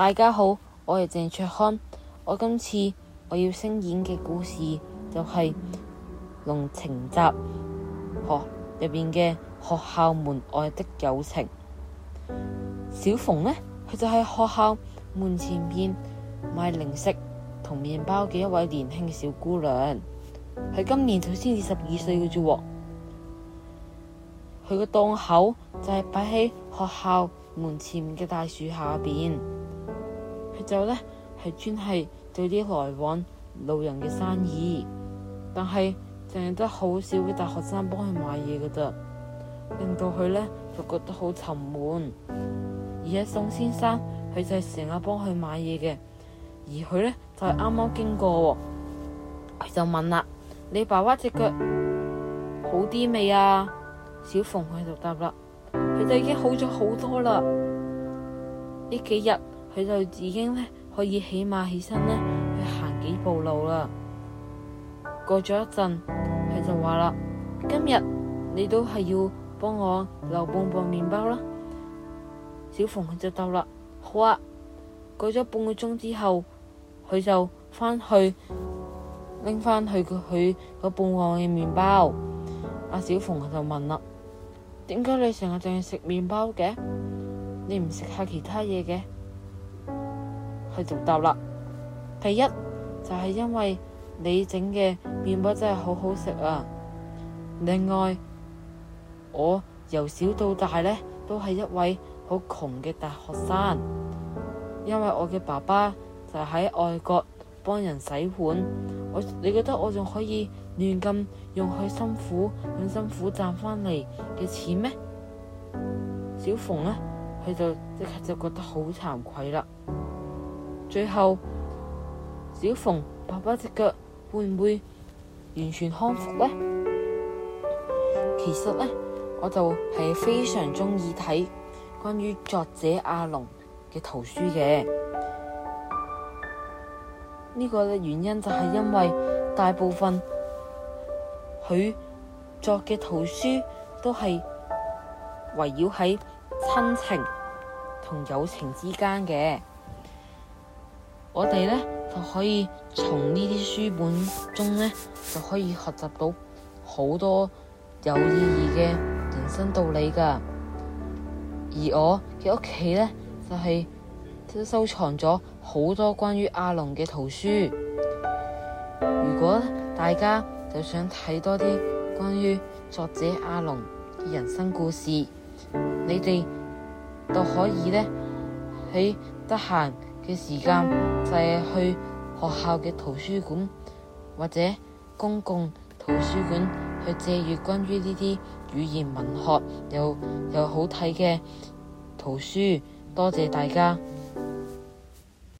大家好，我係鄭綽康。我今次我要聲演嘅故事就係、是《濃情集》哦入邊嘅學校門外的友情。小馮呢，佢就係學校門前面賣零食同麵包嘅一位年輕小姑娘。佢今年佢先至十二歲嘅啫，佢個檔口就係擺喺學校門前嘅大樹下面。佢就呢，係專係做啲來往路人嘅生意，但係淨係得好少嘅大學生幫佢買嘢噶咋，令到佢呢，就覺得好沉悶。而家宋先生佢就係成日幫佢買嘢嘅，而佢呢，就係啱啱經過，佢就問啦：你爸爸隻腳好啲未啊？小鳳佢就答啦：佢都已經好咗好多啦，呢幾日。佢就已經咧可以起碼起身咧去行幾步路啦。過咗一陣，佢就話啦：今日你都係要幫我留半磅麵包啦。小馮就答啦：好啊。過咗半個鐘之後，佢就翻去拎翻佢佢個半磅嘅麵包。阿小馮就問啦：點解你成日淨係食麵包嘅？你唔食下其他嘢嘅？佢就答啦。第一就係、是、因為你整嘅麵包真係好好食啊。另外，我由小到大呢都係一位好窮嘅大學生，因為我嘅爸爸就喺外國幫人洗碗。我你覺得我仲可以亂咁用佢辛苦、咁辛苦賺翻嚟嘅錢咩？小馮呢，佢就即刻就，就，就覺得好慚愧啦。最後，小馮爸爸隻腳會唔會完全康復呢？其實呢，我就係非常鍾意睇關於作者阿龍嘅圖書嘅。呢、這個原因就係因為大部分佢作嘅圖書都係圍繞喺親情同友情之間嘅。我哋咧就可以從呢啲書本中咧就可以學習到好多有意義嘅人生道理㗎。而我嘅屋企咧就係都收藏咗好多關於阿龍嘅圖書。如果大家就想睇多啲關於作者阿龍嘅人生故事，你哋就可以咧喺，得閒嘅時間就係去學校嘅圖書館或者公共圖書館去借閲關於呢啲語言文學又又好睇嘅圖書，多謝大家。